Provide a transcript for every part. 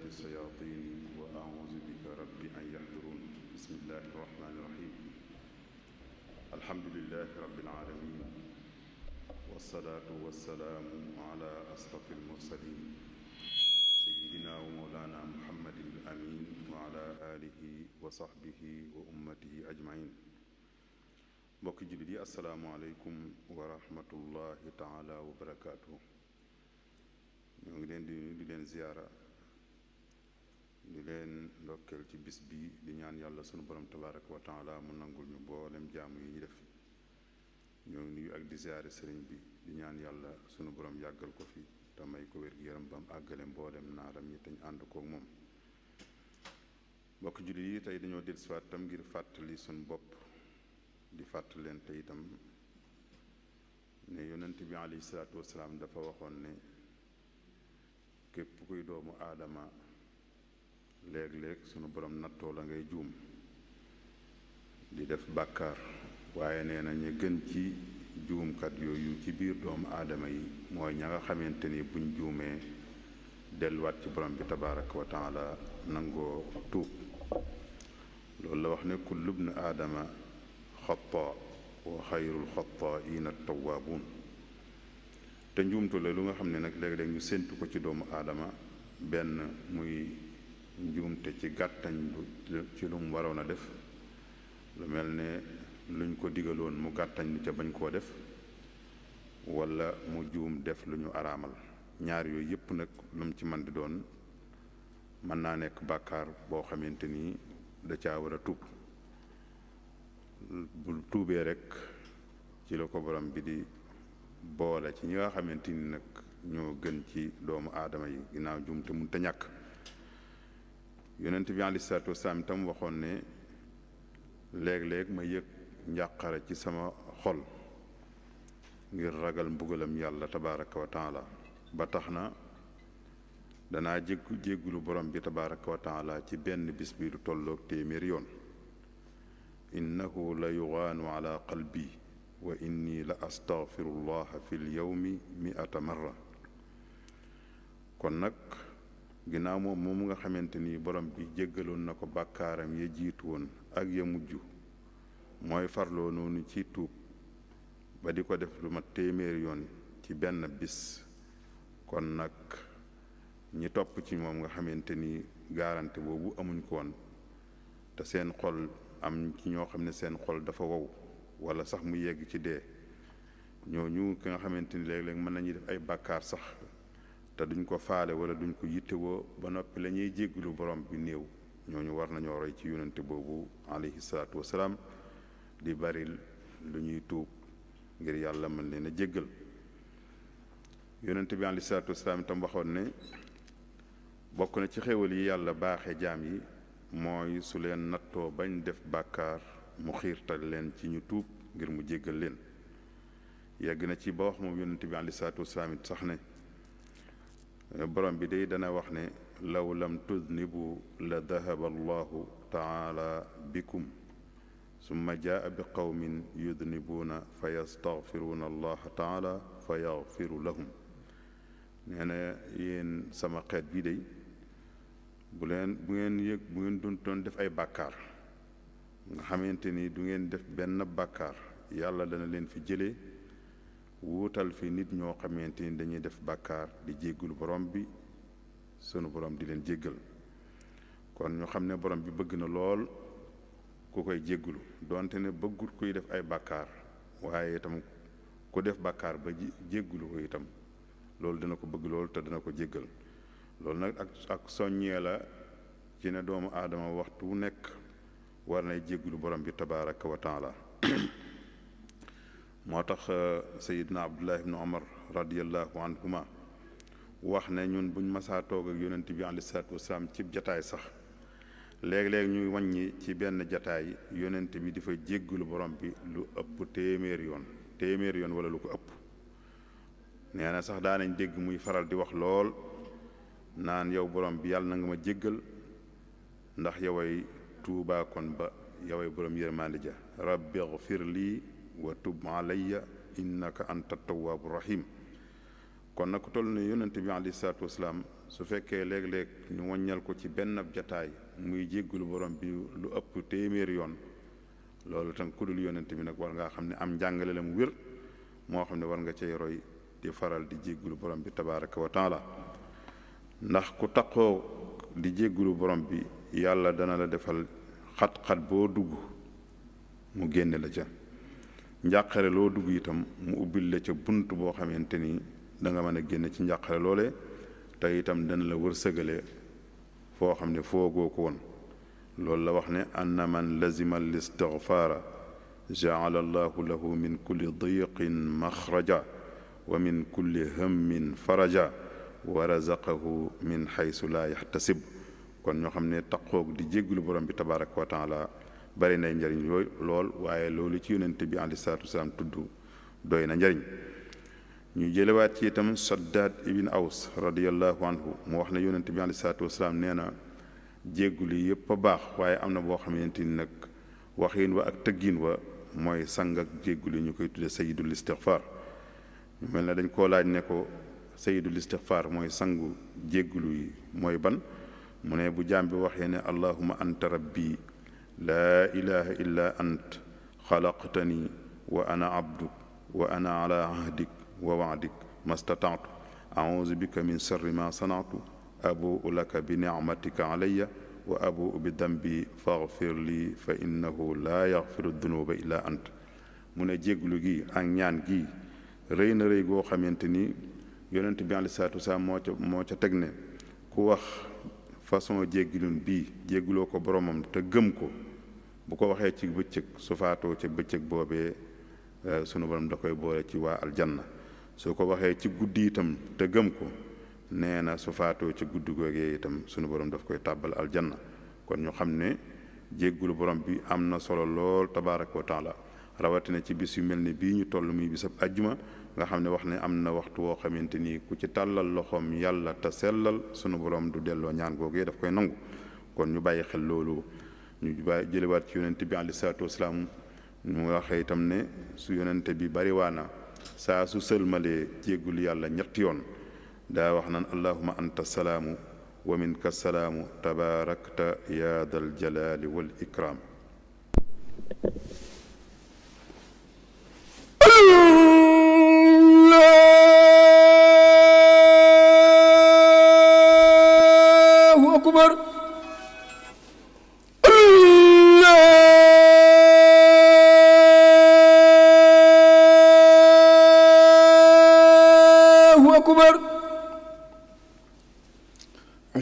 شماتة الشياطين وأعوذ بك رب أن يحضرون بسم الله الرحمن الرحيم الحمد لله رب العالمين والصلاة والسلام على أشرف المرسلين سيدنا ومولانا محمد الأمين وعلى آله وصحبه وأمته أجمعين mbokki jullit yi asalaamaaleykum wa rahmatullahi taala wa barakaatu ñoo ngi leen di nuyu di leen ziyaara di leen ndokkeel ci bis bi di ñaan yàlla sunu borom tabaaraka wa taala mu nangul ñu booleem jaamu yi ñu def ñoo ngi ak di ziare sëriñ bi di ñaan yàlla sunu borom yàggal ko fi te may ko wér gi yaram ba mu àggale mboolem naaram yi te ñu ànd koog moom. mbokk julli yi tey dañoo dellusiwaat tam ngir fàttali sunu bopp di fàttali leen te itam ne yonent bi alayhi salaatu wasalaam dafa waxoon ne képp kuy doomu aadama. léegi léeg sunu borom nattoo la ngay juum di def bàkkaar waaye nee na ñu gën ci juumkat yooyu ci biir doomu aadama yi mooy ña nga xamante ni buñ juumee delluwaat ci borom bi tabaraka wa taala nangoo tuub loolu la wax ne kullu bnu aadama xayrul wa yi xataa'iina tawaabuun te njuumtu lu nga xam ne nag léegi léeg ñu séntu ko ci doomu aadama benn muy njuumte ci gàttañ lu ci lu waroon a def lu mel ni luñ ko digaloon mu gàttañ lu ca bañ koo def walla mu juum def lu ñu araamal ñaar yooyu yëpp nag lu ci man di doon mën naa nekk bàkkaar boo xamante ni da caa war a tuub bu tuubee rek ci la ko borom bi di boole ci ñi nga xamante ni nag ñoo gën ci doomu aadama yi ginnaaw juum mun te ñàkk yonent bi alayhi salaatu wasalaam waxoon ne léeg-léeg ma yëg njàqare ci sama xol ngir ragal mbugalam yàlla tabaraka wa taala ba tax na danaa jéggu jéggulu borom bi tabaraka wa taala ci benn bis bi lu tolloog téeméer yoon innahu la yugaanu ala qalbi wa inni la astaghfirullaha fi yowmi miata kon nag ginnaaw moom moom nga xamante ni borom bi jéggaloon na ko bàkkaaram yi jiitu woon ak ya mujj mooy farloo noonu ci tuub ba di ko def lu mat téeméeri yoon ci benn bis kon nag ñi topp ci moom nga xamante ni gaarante boobu amuñ koon te seen xol am ci ñoo xam ne seen xol dafa wow wala sax mu yegg ci dee ñu ki nga xamante ni léeg-léeg mën nañuy def ay bàkkaar sax te duñ ko faale wala duñ ko yittewoo ba noppi lañuy ñuy jéggalu borom bi néew ñooñu war nañoo roy ci yonente boobu alayhi salaatu wasalaam di bari lu ñuy tuub ngir yàlla mën leen a jéggal yonente bi alayhi salaatu wasalaam itam waxoon ne bokk na ci xéwal yi yàlla baaxe jaam yi mooy su leen nattoo bañ def bàkkaar mu xiirtal leen ci ñu tuub ngir mu jéggal leen yegg na ci ba wax moom yonente bi alayhi salaatu wasalaam it sax ne borom bi day dana wax ne law lam tudnibu la dahaba allahu ta bikum summa jaa bi qawmin yudnibuuna fa yastaxfiruuna allaha taala fa yaxfiru lahum nee na yéen sama xeet bi day bu leen bu ngeen yëg bu ngeen duntoon def ay bàkkaar nga xamante ni du ngeen def benn bàkkaar yàlla dana leen fi jëlee wuutal fi nit ñoo xamante ni dañuy def bàkkaar di jéggul borom bi sunu borom di leen jéggal kon ñu xam ne borom bi bëgg na lool ku koy jéggulu donte ne bëggut kuy def ay bàkkaar waaye itam ku def bàkkaar ba jéggulu ko itam loolu dana ko bëgg lool te dana ko jéggal loolu nag ak ak soññee la ci ne doomu aadama waxtu nekk war nay jéggulu borom bi tabaraka wa taala moo tax euh, sayidna abdullah ibnu omar radiallahu anhuma wax na ñun buñ masaa toog ak yonent bi alei salaatu wasalaam ci jataay sax léeg-léeg ñuy wàññi ci benn jataay yonent bi di fa jéggalu borom bi lu ëpp téeméer yoon téeméer yoon wala lu ko ëpp nee na sax daanañ dégg muy faral di wax lool naan yow borom bi yàlla na nga ma jéggal ndax yoway tuubaakon ba yoway borom yërmande ja rabbi xfir lii wa tub alayya innaka anta tawaabu rahim kon nag toll ne yonent bi aleyhi salaatu wasalaam su fekkee léeg-léeg ñu wàññal ko ci benn ab jataay muy jéggulu borom bi lu ëpp téeméer yoon loolu tam ku dul yonent bi nag war ngaa xam ne am njàngale la mu wér moo xam ne war nga cay roy di faral di jéggulu borom bi tabaraka wa taala ndax ku taqoo di jéggulu borom bi yàlla dana la defal xat-xat boo dugg mu génne la ca njàqare loo dugg itam mu ubbil la ca bunt boo xamante ni danga mën a génn ci njàqare loole te itam dana la wërsëgale foo xam ne foogoo ko woon loolu la wax ne anna man lazima al istigfaara jaala allahu lahu min kulli diqin maxraja wa min kulli hammin faraja wa razaqahu min xaysu laa yaxtasib kon ñoo xam ne taqoog di jégglu borom bi tabaraka wa taala bari nay njariñ yooyu lool waaye loolu ci yonente bi alayhi salaatu wasalaam tudd doy na njariñ ñu jëlewaat ci itam saddaad ibn aws radiallahu anhu mu wax ne yonente bi alayhi salaatu wasalaam nee na jégguli yépp a baax waaye am na boo xamante ni nag waxiin wa ak tëggin wa mooy sang ak jégguli ñu koy tudde sayidul istixfaar ñu mel ne dañ koo laaj ne ko sayidul istixfaar mooy sangu jéggulu yi mooy ban mu ne bu jaam bi waxee ne allahuma anta rabbi laa ilaha illa ant xalaqtani wa ana abduk wa ana ala ahdik wa waadik mastatatu auzu bika min sharri ma sanatu abuu laka bi nicmatika alaya wa abuu bi dambi faxfir li fa innahu laa yaxfiru dunuba illa ant mu ne jéglu gi ak ñaan gi rëy na rëy goo xamante ni yonent bi aleyhi salaatu wasalaam moo ca moo ca teg ne ku wax façon jéggilun bii jégguloo ko boromam te gëm ko bu ko waxee ci bëccëg su faatoo ca bëccëg boobee eh, sunu borom da koy boole ci waa aljanna su ko waxee ci guddi itam te gëm ko nee na su faatoo ca guddi googee itam sunu borom daf koy tàbbal aljanna kon ñu xam ne jéggulu borom bi am na solo lool tabaaraka wa taala rawatina ci bis yu mel ni bii ñu toll muy bisab ajjuma nga xam ne wax ne am na waxtu woo xamante ni ku ci tàllal loxoom yàlla te sellal sunu borom du delloo ñaan googee daf koy nangu kon ñu bàyyi ñu bàyyi jëlewaat ci yonent bi aleyhi salaatu wasalaam ne su yonent bi bariwaana saa su sëlmalee jéggul yàlla ñetti yoon daa wax naan allahuma anta salaamu wa minka salaamu tabaarakta yaa dal wal ikraam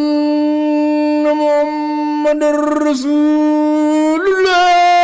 أن محمد رسول الله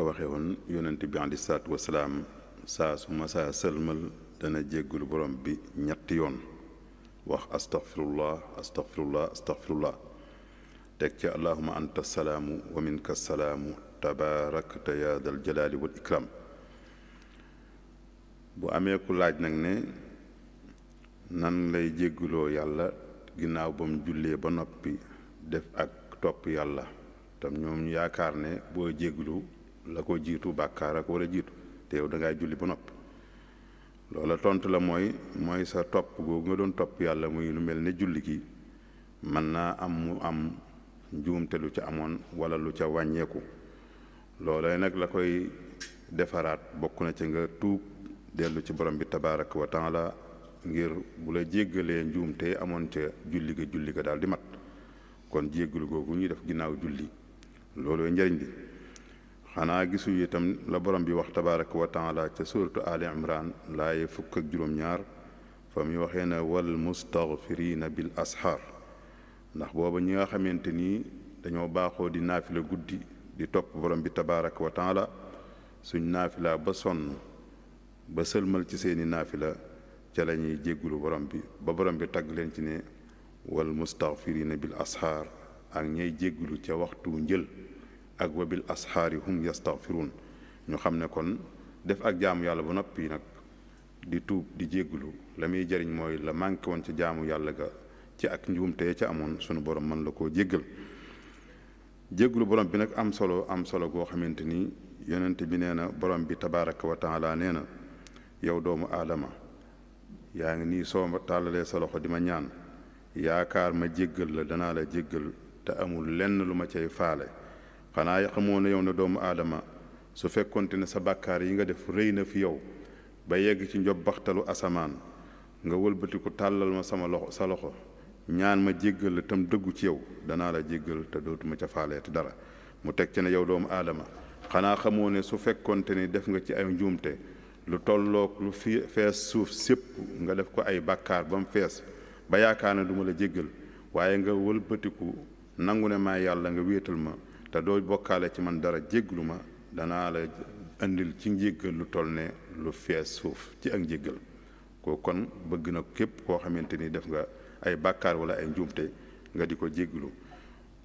ko waxee woon yonent bi aleyhi salaatu wasalaam saa su ma saa sëlmal dana jéggul borom bi ñetti yoon wax astaghfirullah astaghfirullah astaghfirullah teg ci allahuma anta salaamu wa minka salaamu tabaarakta yaa dal jalaali bu amee ku laaj nag ne nan lay jégguloo yàlla ginnaaw bam mu jullee ba noppi def ak topp yàlla tam ñoom yaakaar ne boo jégglu la ko jiitu bàkkaar ak wala jiitu te yow da ngaa julli ba nopp loola tontu la mooy mooy sa topp googu nga doon topp yàlla muy lu mel ne julli gi mën naa am mu am njuumte lu ca amoon walla lu ca wàññeeku loola nag la koy defaraat bokk na ci nga tuub dellu ci borom bi tabaaraka wa taala ngir bu la jéggalee njuumte amoon ca julli ga julli ga daal di mat kon jéggalu googu ñu def ginnaaw julli loolooy njariñ bi xanaa gisu itam la borom bi wax tabaraka wa taala ca suratu ali imran laaye fukk ak juróom-ñaar fa muy waxee na wal mustaghfirina bil asxaar ndax booba ñi nga xamante ni dañoo baaxoo di naafila guddi di topp borom bi tabaraka wa taala suñ naafila ba sonn ba sëlmal ci seeni naafila ca lañuy ñuy jéggulu borom bi ba borom bi tagg leen ci ne wal mustaghfirina bil asxaar ak ñay jéggulu ca waxtu njël ak wabil asxaari hum yastaghfiruun ñu xam ne kon def ak jaamu yàlla ba noppi nag di tuub di jégglu la muy jariñ mooy la manqué woon ca jaamu yàlla ga ci ak njuumte ya ci amoon sunu borom mën la koo jéggal jégglu borom bi nag am solo am solo goo xamante ni yonent bi nee na borom bi tabaaraka wa taala nee na yow doomu aadama yaa ngi nii soo ma tàllalee sa loxo di ma ñaan yaakaar ma jéggal la danaa la jéggal te amul lenn lu ma cay faale xanaa xamoo ne yow ne doomu aadama su fekkonte ne sa bàkkaar yi nga def rëy na fi yow ba yegg ci njob baxtalu asamaan nga wëlbatiku tàllal ma sama loxo sa loxo ñaan ma jéggal la tam dëggu ci yow danaa la jéggal te dootuma ca faaleeti dara mu teg ci ne yow doomu aadama xanaa xamoo ne su fekkonte ni def nga ci ay njuumte lu tollook lu fi fees suuf sépp nga def ko ay bàkkaar ba mu fees ba yaakaar ne duma la jéggal waaye nga wëlbatiku nangu ne maa yàlla nga wéetal te doo bokkaale ci man dara jégglu ma dana la indil ci njéggal lu toll ne lu fees suuf ci ak njéggal ko kon bëgg na képp koo xamante ni def nga ay bàkkaar wala ay njuumte nga di ko jégglu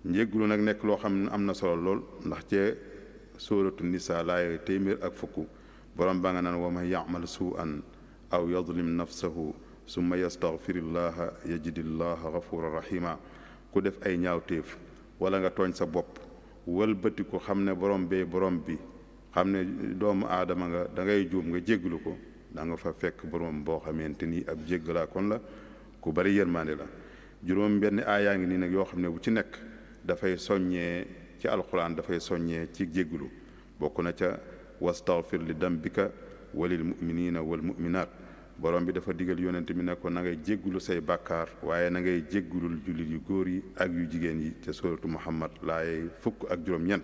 njégglu nag nekk loo xam ne am na solo lool ndax cee sóoratu nisa laay téeméer ak fukk borom ba nga naan wa man yaamal suu'an aw yadlim nafsahu summa yastaghfirillaha yajidillaha ghafuran rahima ku def ay ñaawteef wala nga tooñ sa bopp wëlbati xam ne borom bee borom bi xam ne doomu aadama nga dangay ngay nga jégglu ko da nga fa fekk borom boo xamante ni ab jéggalaa kon la ku bari yërmaande la juróom benn yaa ngi nii nag yoo xam ne bu ci nekk dafay soññee ci alxuraan dafay soññee ci jégglu bokk na ca wastaghfir li dambika walil muminina wal muminaat borom bi dafa digal yonent bi ne ko na jéggulu say bakkaar waaye na ngay jéggulul jullit yu góor yi ak yu jigéen yi ca suratu muhammad laaye fukk ak juróom-ñeent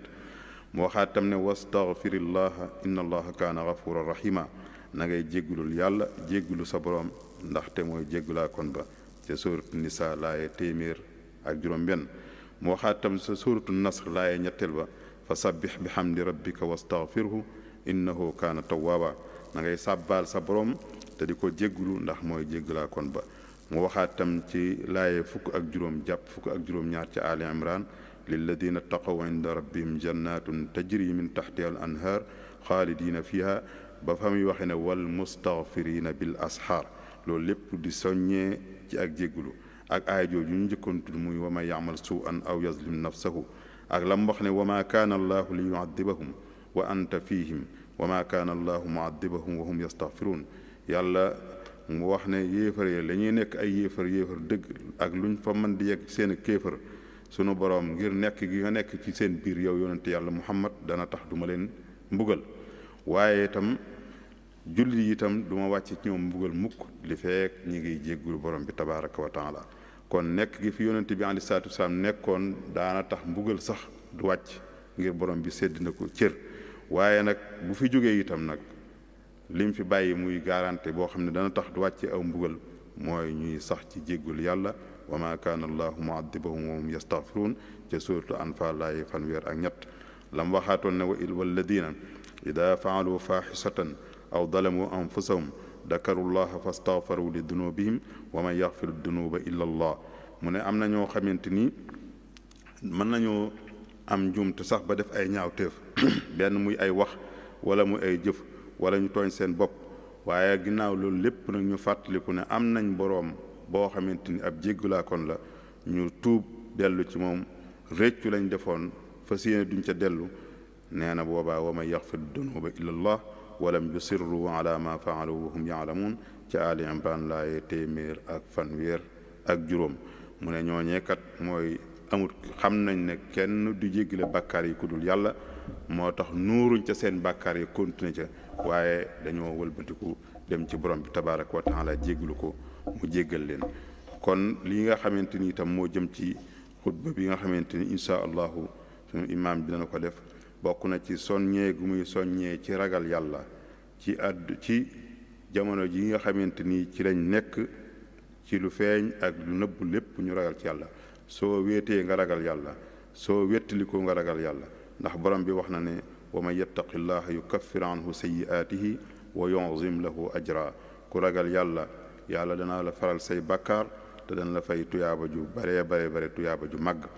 mu waxaat tam ne wastaghfirillaha inna allaha kaana ghafuran rahima na ngay jéggulul yàlla jéggulu sa borom ndaxte mooy jéggalaa kon ba ca suratu nisa laaye téeméer ak juróom-benn mu waxaat tam sa suratu nasr laaye ñetteel ba fa sabbih bihamdi rabbika wastaghfirhu innahu kaana tawwaaba na ngay sàbbaal sa borom te di ko jégglu ndax mooy jéggalaa kon ba mu waxaat tam ci laaye fukk ak juróom jàpp fukk ak juróom ñaar ci ali imran lilladina taqaw inda rabbihim jannatun tajri min taxtiha al anhar xaalidina fiha ba fa muy waxe ne wal mustaghfirina bil ashaar loolu lépp di soññee ci ak jégglu ak aaya jooju ñu njëkkoon tudd muy wama yamal suu an aw yazlim nafsahu ak lam wax ne wama kaana allahu li yuadibahum wa anta fihim wama kaana allahu muadibahum wa hum yàlla mu wax ne yéefar yi la ñuy nekk ay yéefar yéefar dëgg ak luñ fa man di yegg seen kéefar sunu borom ngir nekk gi nga nekk ci seen biir yow yonent yàlla muhammad dana tax duma leen mbugal waaye itam julli yi itam duma wàcc ci ñoom mbugal mukk li feek ñi ngi jéggul borom bi tabaraka wa kon nekk gi fi yonent bi aleyhi saatu wasalaam nekkoon daana tax mbugal sax du wàcc ngir borom bi sedd na ko cër waaye nag bu fi jógee itam nag li mu fi bàyyi muy garantie boo xam ne dana tax du wàcce aw mbugal mooy ñuy sax ci jéggul yàlla wa ma kaana allahu muaddibahum wa hum yastaghfiruun ca suuratu anfaal laay ak ñett lam waxaatoon ne wa il walladina ida faalu faaxisatan aw dalamu anfusahum dakaru llaha fastaghfaru li dunubihim wa man yaghfiru dunuba illa allah mu ne am na ñoo xamante ni mën nañoo am njuumte sax ba def ay ñaawteef benn muy ay wax wala muy ay jëf wala ñu tooñ seen bopp waaye ginnaaw loolu lépp nag ñu fàttaliku ne am nañ boroom boo xamante ni ab jéggalaa kon la ñu tuub dellu ci moom réccu lañ defoon fas yéene duñ ca dellu nee na boobaa wa man yaxfiru dunuba illa allah walam yusirru ala ma faalu wa hum yaalamuun ci Ali Imran téeméer ak fanweer ak juróom mu ne ñooñeekat mooy amut xam nañ ne kenn du jéggale bàkkaar yi ku yàlla moo tax nuuruñ ca seen bàkkaar yi continué ca waaye dañoo wëlbatiku dem ci borom bi tabaaraka wa taala jéggalu ko mu jéggal leen kon li nga xamante ni itam moo jëm ci xutba bi nga xamante ni incha allahu sunu imaam bi dana ko def bokk na ci soññee gu muy soññee ci ragal yàlla ci àdd ci jamono ji nga xamante ni ci lañ nekk ci lu feeñ ak lu nëbb lépp ñu ragal ci yàlla soo wéetee nga ragal yàlla soo wéttalikoo nga ragal yàlla ndax borom bi wax na ne wa man yattaqi llaha yukaffir anhu sayyi'atihi wa yu'zim lahu ajra ku ragal yàlla yàlla danaa la faral sey bakkar te dana la fay tuyaaba ju baree bare bare tuyaaba ju màgg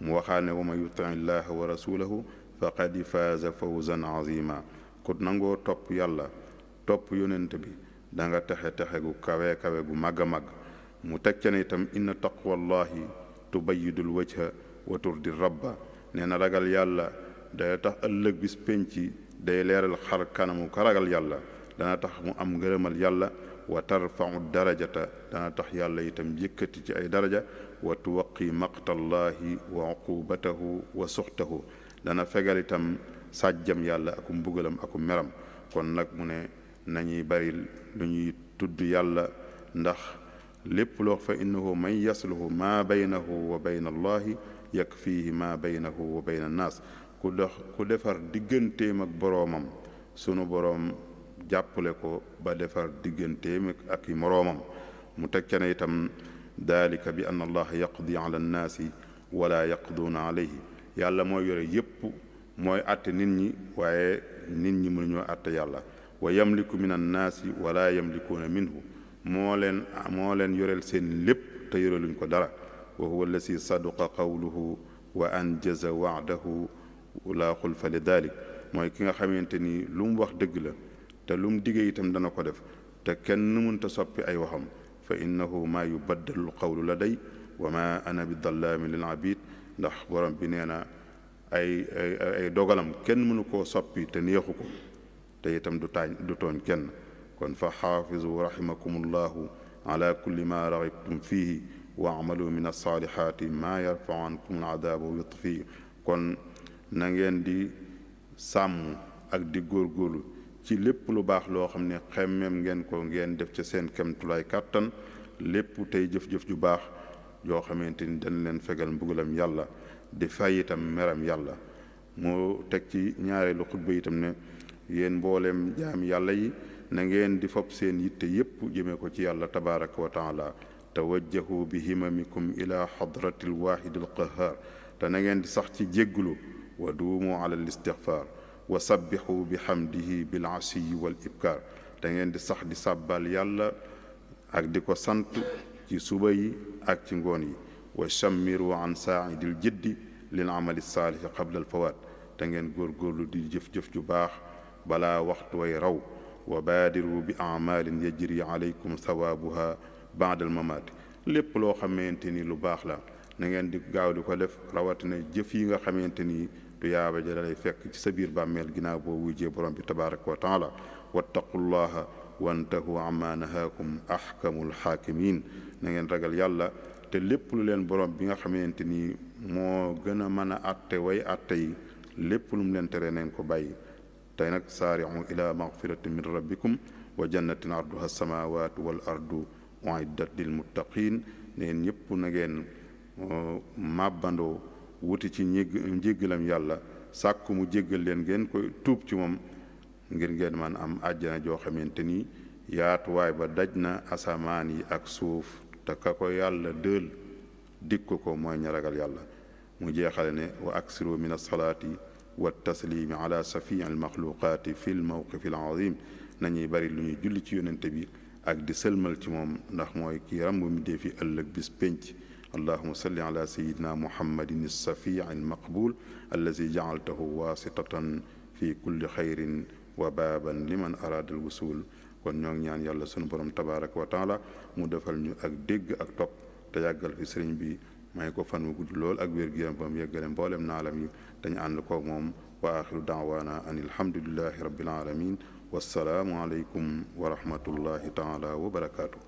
mu waxaa ne wa man yutii llaha wa rasulahu faqad faaza fawzan azima ku nangoo topp yàlla topp yonent bi da nga texe texe gu kawe kawe gu màgg a màgg mu teg ca ne itam inna taqwallahi tubayyidul wajha wa turdi rabba nee na ragal yàlla day tax ëllëg bis penc day leeral xar kanamu karagal yàlla dana tax mu am ngërëmal yàlla wa tarfau darajata dana tax yàlla yitam yëkkati ci ay daraja wa tuwaqi maqtallahi wa uqubatahu wa suxtahu dana fegal itam sàjjam yàlla akum mbugalam aku meram kon nag mu ne nañuy bari lu ñuy tudd yàlla ndax lépp loo fa innahu man yasluhu maa baynahu wa bayna allahi yakfihi maa baynahu wa bayna annaas ku dox ku defar digganteem ak boroomam sunu boroom jàppale ko ba defar digganteem ak i moroomam mu teg ca ne itam dalika bi anna allaha yaqdi ala nnaasi wala yaqduuna alayhi yàlla mooy yore yépp mooy àtte nit ñi waaye nit ñi mënuñoo àtte yàlla wa yamliku min annaasi wala yamlikuuna minhu moo leen moo leen yoreel seen lépp te yoreluñ ko dara wa huwa allasi sadaqa qawluhu wa anjaza wa'dahu laa xulfa li daalik mooy ki nga xamante ni lu mu wax dëgg la te lu mu digee itam dana ko def te kenn mënta soppi ay waxam fa innahu maa yubaddalul qawlu la day wa ma ana bi dallaami lil abid ndax borom bi nee na ay ay dogalam kenn mënu koo soppi te neexu ko te itam du taañ du tooñ kenn kon fa xaafizu raximakumullahu ala kulli ma raxibtum fiihi wa amalu min alsaalihaati maa yarfacu ankum aladaaba wa yutfi kon na ngeen di sàmm ak di góor góorlu ci lépp lu baax loo xam ne xemmem ngeen ko ngeen def ca seen kemtulaay kàttan lépp tey jëf-jëf ju baax yoo xamante ni dañ leen fegal mbugalam yàlla di fay itam meram yàlla moo teg ci ñaareelu xutba itam ne yéen mbooleem jaam yàlla yi na ngeen di fob seen yitte yépp jëmee ko ci yàlla tabaraka wa taala tawajjahu bi himamikum ila xadratil waahidil qahar te na ngeen di sax ci jéggulu wa duumu ala al istigfaar wa sabbixu bi xamdihi bil asiyi wal ibkaar da ngeen di sax di sàbbal yàlla ak di ko sant ci suba yi ak ci ngoon yi wa chammiru an saaidil jiddi lil amali saalixi qabla al fawaat te ngeen góorlu di jëf-jëf ju baax balaa waxtu way raw wa baadiru bi amaalin yajri aleykum sawaabuha baadal mamaat lépp loo xamante ni lu baax la na di gaaw di ko def rawatina jëf yi nga xamante ni tuyaaba ja dalay fekk ci sa biir bàmmeel ginnaaw boo wujjee borom bi tabaraka wa taala wattaqullaha wantahu amma nahaakum ahkamul xaakimin na ngeen ragal yàlla te lépp lu leen borom bi nga xamante ni moo gën a mën a atte way atte yi lépp lu mu leen tere neen ko bàyyi te nag saari'u ila magfiratin min rabbikum wa jannatin arduha as-samawatu wal ardu uiddat lil muttaqin neen ñëpp na ngeen uh, màbbandoo wuti ci njégg njéggalam yàlla sàkk mu jéggal leen ngeen koy tuub ci moom ngir ngeen man am àjjana joo xamante ni yaatuwaay ba daj na asamaan yi ak suuf te ko yàlla dël dikk ko mooy ña ragal yàlla mu jeexale ne wa aksiru min alsalaati wa taslimi ala safii almaxluqaati fi lmawqifi alazim nañuy bari lu ñuy julli ci yonente bi ak di sëlmal ci moom ndax mooy kii ramb ëllëg bis pénc allahuma salli ala sayidina muhammadin alsafii almaqbul allazi jacaltahu waasitatan fi kulli xayrin wa baaban liman araada alwusul kon ñoo ngi ñaan yàlla sunu borom tabaraka wa taala mu defal ñu ak dégg ak topp te yàggal fi sëriñ bi may ko fan wu gudd lool ak wér gu yaram ba mu yeggale mboolem naalam yi dañu ànd ko moom wa axiru daawaana an alhamdulilahi rabbil alamin wassalaamu aleykum wa rahmatullahi taala wa barakaatu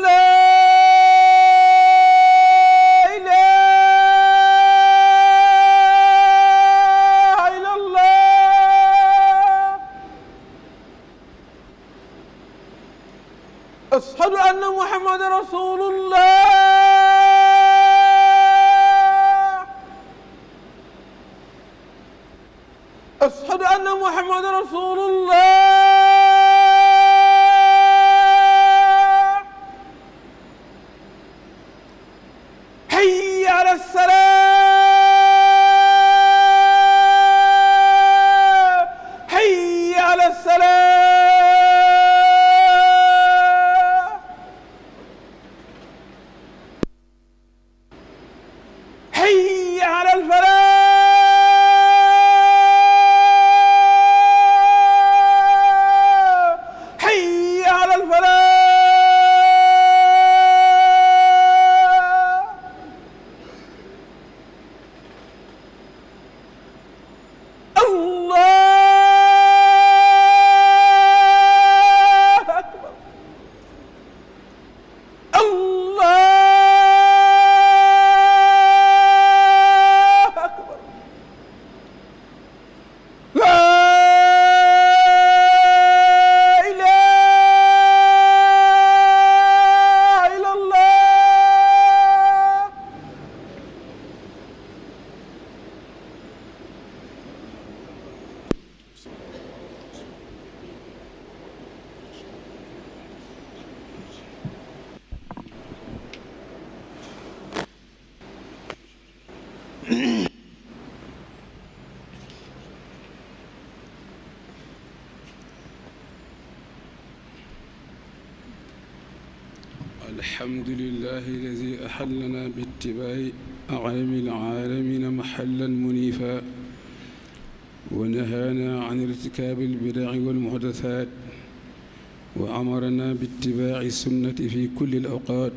la الحمد لله الذي أحلنا باتباع أعلم العالمين محلا منيفا ونهانا عن ارتكاب البدع والمحدثات وأمرنا باتباع السنة في كل الأوقات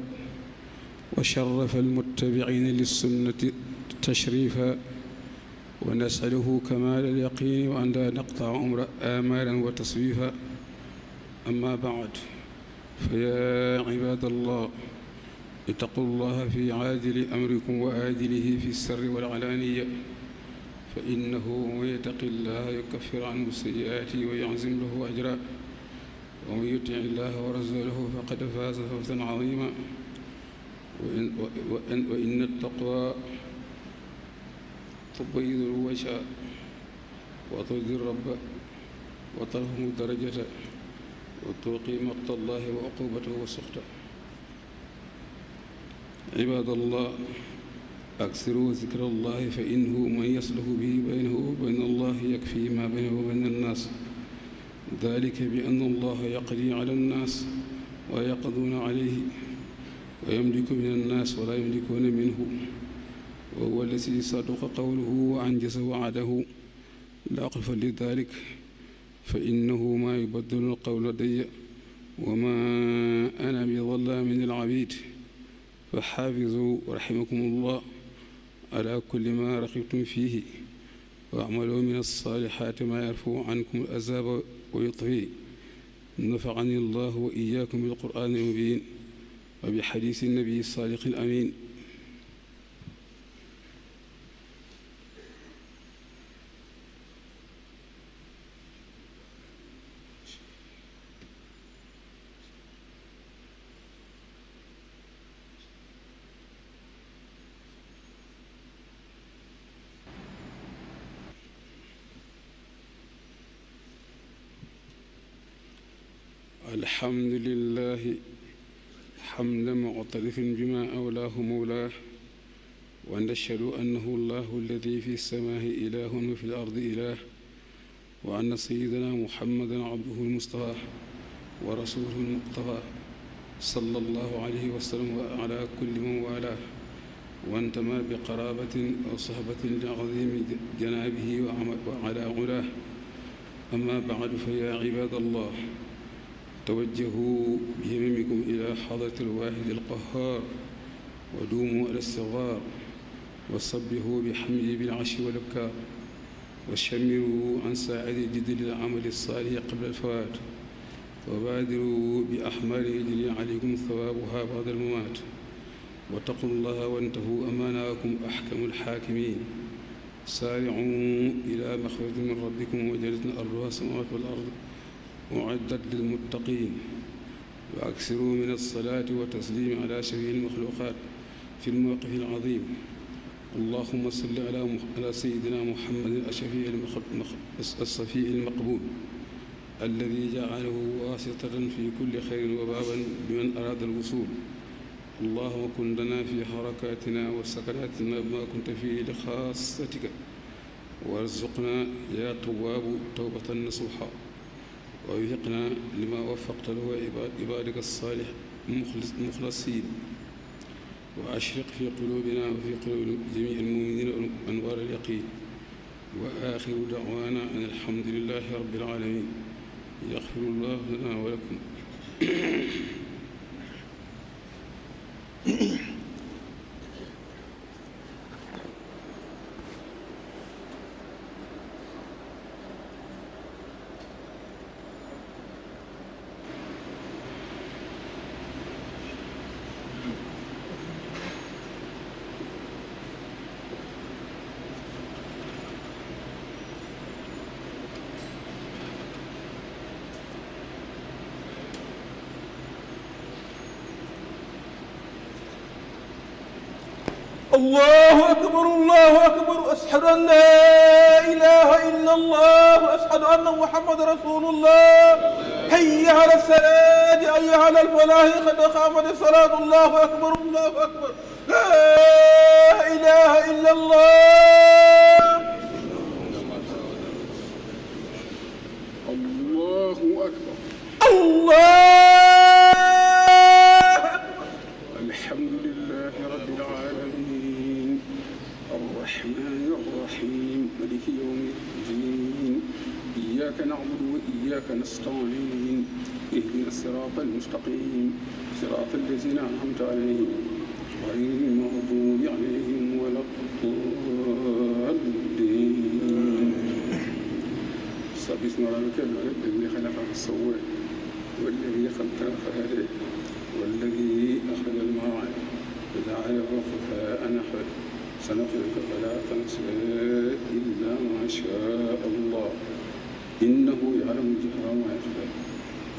وشرف المتبعين للسنة تشريفا ونسأله كمال اليقين وأن لا نقطع أمر آمالا وتصويفا أما بعد فيا عباد الله اتقوا الله في عاجل أمركم وآجله في السر والعلانية فإنه من يتق الله يكفر عنه سيئاته ويعزم له أجرا ومن يطع الله ورسوله فقد فاز فوزا عظيما وإن, وإن, وإن التقوى تبيض الوجه وترضي الرب وترفع الدرجة واتقي مقت الله وعقوبته وسخطه عباد الله أكثروا ذكر الله فإنه من يصلح به بينه وبين الله يكفي ما بينه وبين الناس ذلك بأن الله يقضي على الناس ويقضون عليه ويملك من الناس ولا يملكون منه وهو الذي صدق قوله وأنجز وعده لا أقف لذلك fa innahu maa yubaddilu alqawla ladayya wa maa ana bi zallaamin lil abiid fa xaafizu raximakumullah ala kulli maa raqibtum fiihi wa amalu min alsaalihaati maa yarfau ankum alazaaba wa yutfi nafacani allahu wa iyaakum bilqur'aani almubiin wa bi xadiisi nabii saadiqi alamin الحمد لله حمد معترف بما أولاه مولاه ونشهد أنه الله الذي في السماء إله وفي الأرض إله وأن سيدنا محمدا عبده المصطفى ورسوله المقتفى صلى الله عليه وسلم وعلى كل من والاه وانتمى بقرابة أو صحبة لعظيم جنابه وعلى علاه أما بعد فيا عباد الله توجهوا بهممكم إلى حضرة الواحد القهار ودوموا على الصغار وصبهوا بحمده بالعشي والأبكار وشمروا عن ساعد الجد للعمل الصالح قبل الفوات وبادروا بأحمال يجري عليكم ثوابها بعد الممات واتقوا الله وانتهوا أماناكم أحكم الحاكمين سارعوا إلى مخرج من ربكم وجنة أرضها السماوات والأرض muiddat lilmuttaqin wa aksiru min alsalaati wa tasliimi ala shafi almaxluqaat fi lmawqifi alazim allahuma salli ala sayidina muhammadin ashafi alsafi almaqbul alladi jacalahu waasitatan fi kulli xeyrin wa baaban biman araada alwusul allahuma kun lana fi xarakaatina wa sakanaatina ma kunta fi lixaasatika warzuqna yaa tawaabu tawbatan nasuha ووفقنا لما وفقت له عبادك الصالح المخلصين وأشرق في قلوبنا وفي قلوب جميع المؤمنين أنوار اليقين وآخر دعوانا أن الحمد لله رب العالمين يغفر الله لنا ولكم allahu akbar allahu akbar ashhadu an la ilaha illa allah ashhadu anna muhammadan rasulullah hayya ala salaat hayya ala al-falaah qad qaamat as-salaat allahu akbar allahu akbar la ilaha illa allah allahu akbar allah إياك نعبد وإياك نستعين اهدنا الصراط المستقيم صراط الذين أنعمت عليهم غير المغضوب عليهم ولا الضالين سبح ربك الذي خلق فسوى والذي خلق فهدى والذي أخرج المرعى فجعله خفاء نحر سنقرئك فلا تنسى إلا ما شاء الله إنه يعلم الجهر وما يخفى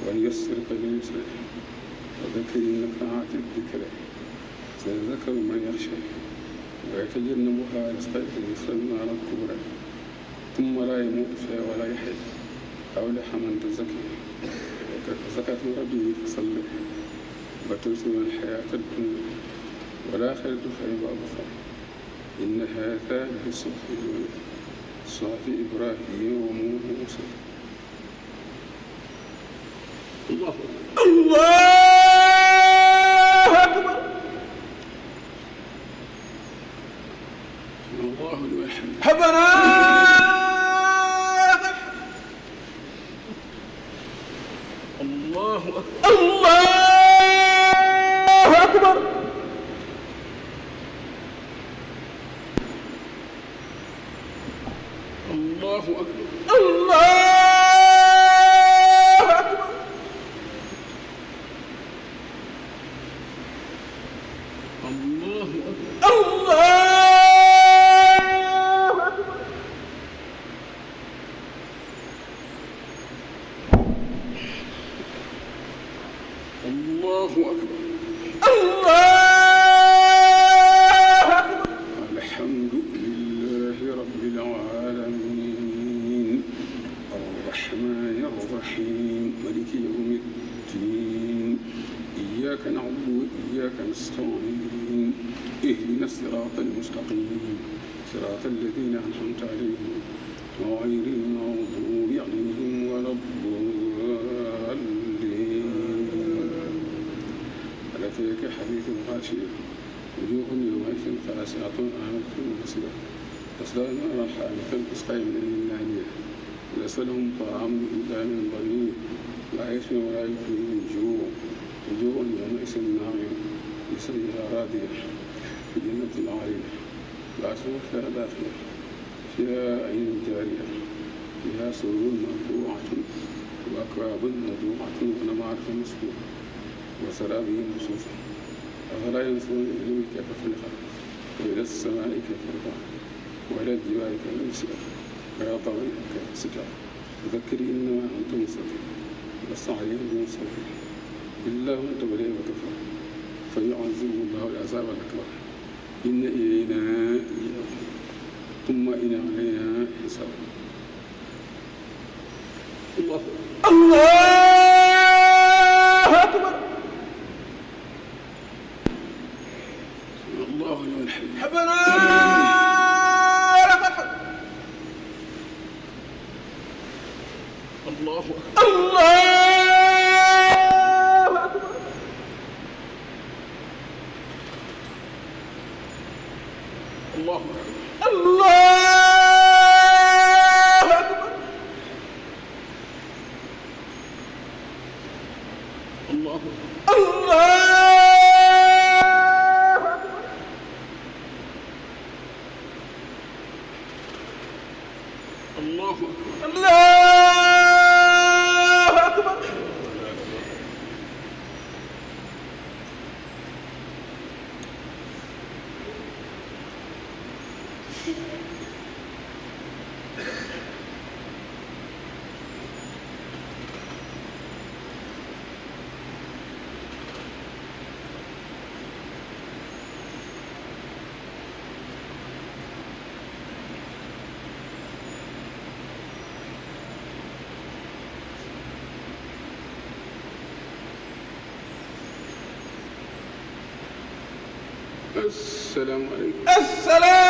وليسر قليل يسره وذكر النفعات الذكرى سيذكر من يخشى ويتجنبها يستيقظ يسمى على الكبرى ثم لا يموت فيها ولا يحيى أولح من تزكى زكاة ربه فصلى وتؤثر الحياة الدنيا والآخرة خير وأبقى إن هذا بالصبح الولد صافي إبراهيم وموسى الله أكبر صراط الذين أنعمت عليهم غير المغضوب عليهم ولا الضالين هل أتاك حديث غاشية وجوه يومئذ خاشعة أعمالها مبصرة تصدر نارا حامثا تسقى من النانية ليس لهم طعام إلا من ضريع لا يسمع ولا يغني من جوع وجوه يومئذ ناعمة لسعيها راضية في جنة عالية العصور ثلاث فيها عين جارية فيها سرور مرفوعة وأكواب موضوعة ونمارق مسكوبة وسرابي مصوفة أفلا ينظرون إلى العلو كيف خلق وإلى السماء كيف رفعت وإلى الجبال كيف نسيت وإلى طاغية كيف سجعت فذكر إنما أنت مستقيم لست عليهم بمسيطر إلا من تولي وكفر فيعذبه الله العذاب الأكبر inna ilayna thumma inna ilayna hisaab allah asalaamaaleykum. asalaamaaleykum.